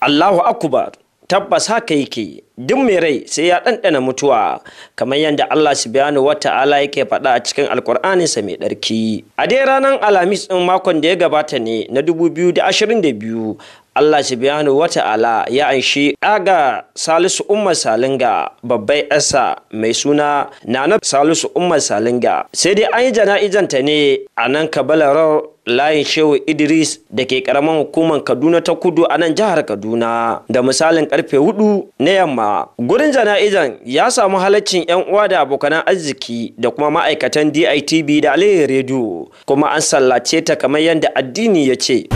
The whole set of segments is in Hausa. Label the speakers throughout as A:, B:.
A: Allahu akubar tabbas haka yake duk mai rai sai ya ɗanɗana mutuwa kamar yadda Allah subhanahu wa ta'ala yake faɗa a cikin alkur'aninsa mai ɗarki a dai ranar alhamis ɗin makon da ya gabata ne na 2022 Allah subhanahu wa ta'ala ya anshi ɗaga Salisu Umar Salinga babbai ƴarsa mai suna Nana Salisu Umar Salinga sai dai an yi jana'izanta ne a nan layin shehu idris da ke karaman hukumar kaduna ta kudu a nan jihar kaduna da misalin karfe hudu na yamma gurin jana'izan ya samu halaccin yan uwa da abokanan arziki da kuma ma'aikatan ditv da alayyar rediyo kuma an sallace ta kamar yadda addini ya ce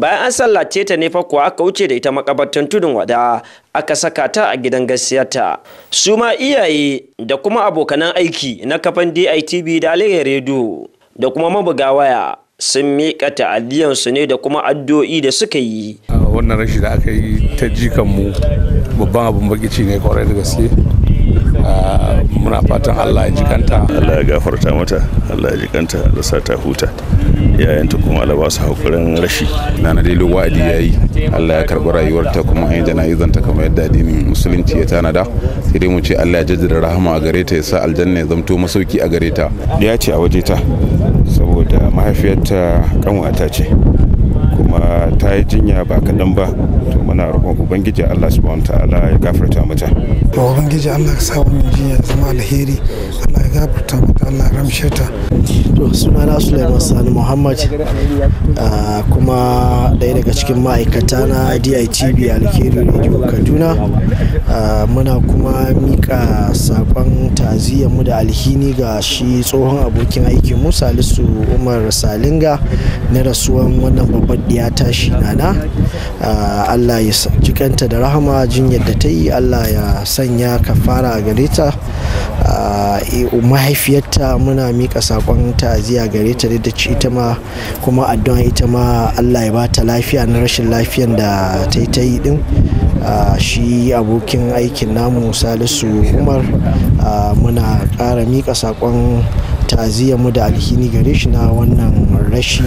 A: bayan an sallace ta ne fa kuwa aka wuce da ita makabartan tudun wada aka saka ta a gidan gaskiyarta su ma iyaye da kuma abokanan aiki na kafan DITB da alayyar rediyo da kuma mabuga waya sun miƙa ta'adiyansu ne da kuma addu'o'i da suka yi wannan rashi da aka yi ta jikanmu babban abin baki ne kwarai da gaske Ah, muna fatan allah ya jikanta allah ya gafarta
B: mata allah ya jikanta da sa ta huta ta kuma allah ba su hakurin rashi na na dalilu wa'adi ya yi allah ya karɓi rayuwarta kuma an yi ta kamar yadda addinin musulunci ya tanada sai dai mu ce allah ya jaddada rahama a gare ta ya sa aljanna ya zamto masauki a gare ta ya ce a waje ta saboda mahaifiyarta kanwata ce kuma ta yi jinya ba kaɗan ba to muna roƙon ubangiji allah subhanahu ta'ala ya gafarta mata
C: to ubangiji allah ya sa wannan jinya zama alheri allah ya gafarta mata allah ya ramshe ta to na sulaiman sani muhammad ah, kuma ɗaya daga cikin ma'aikata na DITB alheri radio kaduna ah, muna kuma mika sakon mu da alhini ga shi tsohon abokin aikin mu salisu umar salinga na rasuwan wannan babban ɗiya tashi nana ah, allah ya jikanta da rahama jinyar da ta yi allah ya sanya kafara gare ta ah, mahaifiyarta muna mika sakon ta'aziyya gare ta da ci ita ma kuma addu'a ita ma Allah ya bata lafiya na rashin lafiyan da ta yi ta yi din shi abokin aikin namu Salisu Umar muna ƙara mika sakon ta'aziyya mu da alhini gare shi na wannan rashi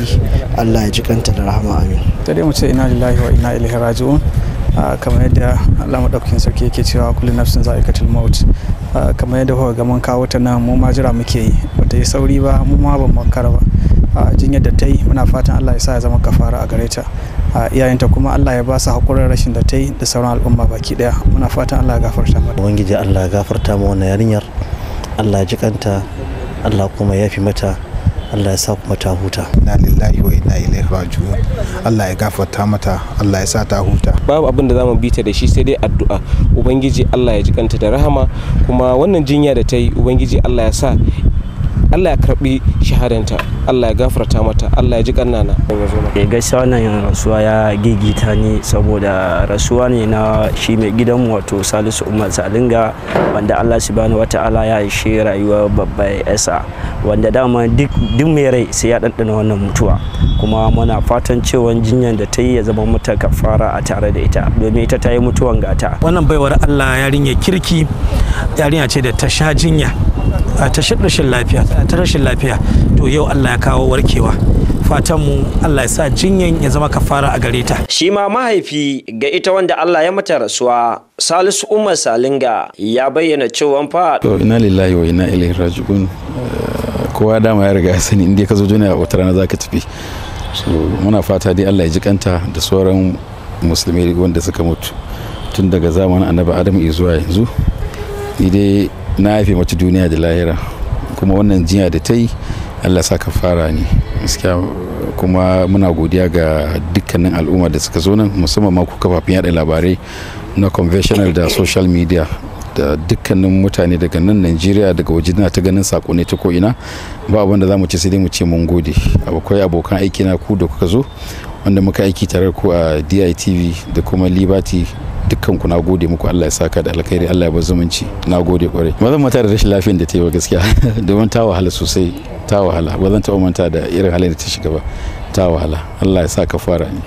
C: Allah ya ji kanta da rahama amin. dai mu ce ina lillahi wa ina ilaihi raji'un. Ah, kamar yadda alama ɗaukin sarki yake cewa kullum nafsin za'iqatul maut ah, kamar yadda kuka gaman kawo ta nan mu ma jira muke yi ta yi sauri ba mu ma ban makara ba ah, jinyar da ta yi muna fatan Allah ya sa ya zama kafara a gare ta iyayenta kuma Allah ya ba su haƙurin rashin da ta yi da sauran al'umma baki ɗaya muna fatan Allah ya gafarta mata ubangiji Allah ya gafarta ma wannan yarinyar Allah ya jikanta Allah kuma ya fi mata Allah ya sa kuma ta huta inna lillahi wa inna ilaihi raji'un Allah ya gafarta mata Allah ya sa ta huta
A: babu abin da zamu bita da shi sai dai addu'a ubangiji Allah ya ji kanta da rahama kuma wannan jinya da ta yi ubangiji Allah ya sa Allah ya karbi shaharinta Allah ya gafarta mata Allah ya ji kannana eh wannan rasuwa ya gigita ni saboda rasuwa ne na shi mai mu wato Salisu Umar Salinga wanda Allah subhanahu wataala ya ishe rayuwa babba yasa wanda dama duk duk mai rai sai ya dandana wannan mutuwa kuma muna fatan cewa jinyar da ta yi ya zama mata kafara a tare da ita domin ita ta yi mutuwan gata
C: wannan baiwar Allah yarinya kirki yarinya ce da ta sha jinya ta rashin lafiya ta rashin lafiya to yau Allah ya kawo warkewa fatan mu Allah ya sa jinyan ya zama kafara a gare ta
A: shi ma mahaifi ga ita wanda Allah ya mata rasuwa Salisu Umar Salinga ya bayyana cewa fa
B: to inna lillahi wa inna ilaihi raji'un eh, kowa dama ya riga ya sani inda ka zo duniya wata rana zaka tafi so muna fata dai Allah ya ji kanta da sauran musulmi wanda suka mutu tun daga zamanin annabi Adam zuwa yanzu idai na haife mace duniya da lahira kuma wannan jinya da ta yi allah sa ka fara ne kuma muna godiya ga dukkanin al'umma da suka zo nan musamman ma ku kafafen yada labarai na conventional da social media da dukkanin mutane daga nan Najeriya daga waje na ta ganin sako ne ta ko'ina ba abin da za mu ce sai dai mu ce mun gode akwai abokan aiki na ku da kuka zo wanda muka aiki tare ku a DITV da kuma Liberty dukkanku na gode muku Allah ya saka da alkhairi Allah ya bar zumunci na gode kwarai mazan mata da rashin lafiyar da ta yi wa gaskiya domin ta wahala sosai ta wahala ba zan taɓa manta da irin halin da ta shiga ba ta wahala Allah ya sa ka fara ni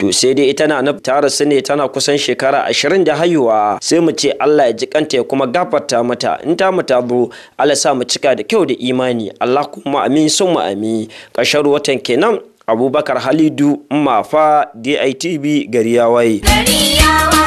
A: to sai dai ita na na tara rasu ne tana kusan shekara 20 da haihuwa sai mu ce Allah ya ji kanta ya kuma gafarta mata in ta mu zo Allah sa mu cika da kyau da imani Allah kuma amin sun mu amin kashar watan kenan Abubakar Halidu Mafa DITB Gariyawai. ya
C: gari ya waye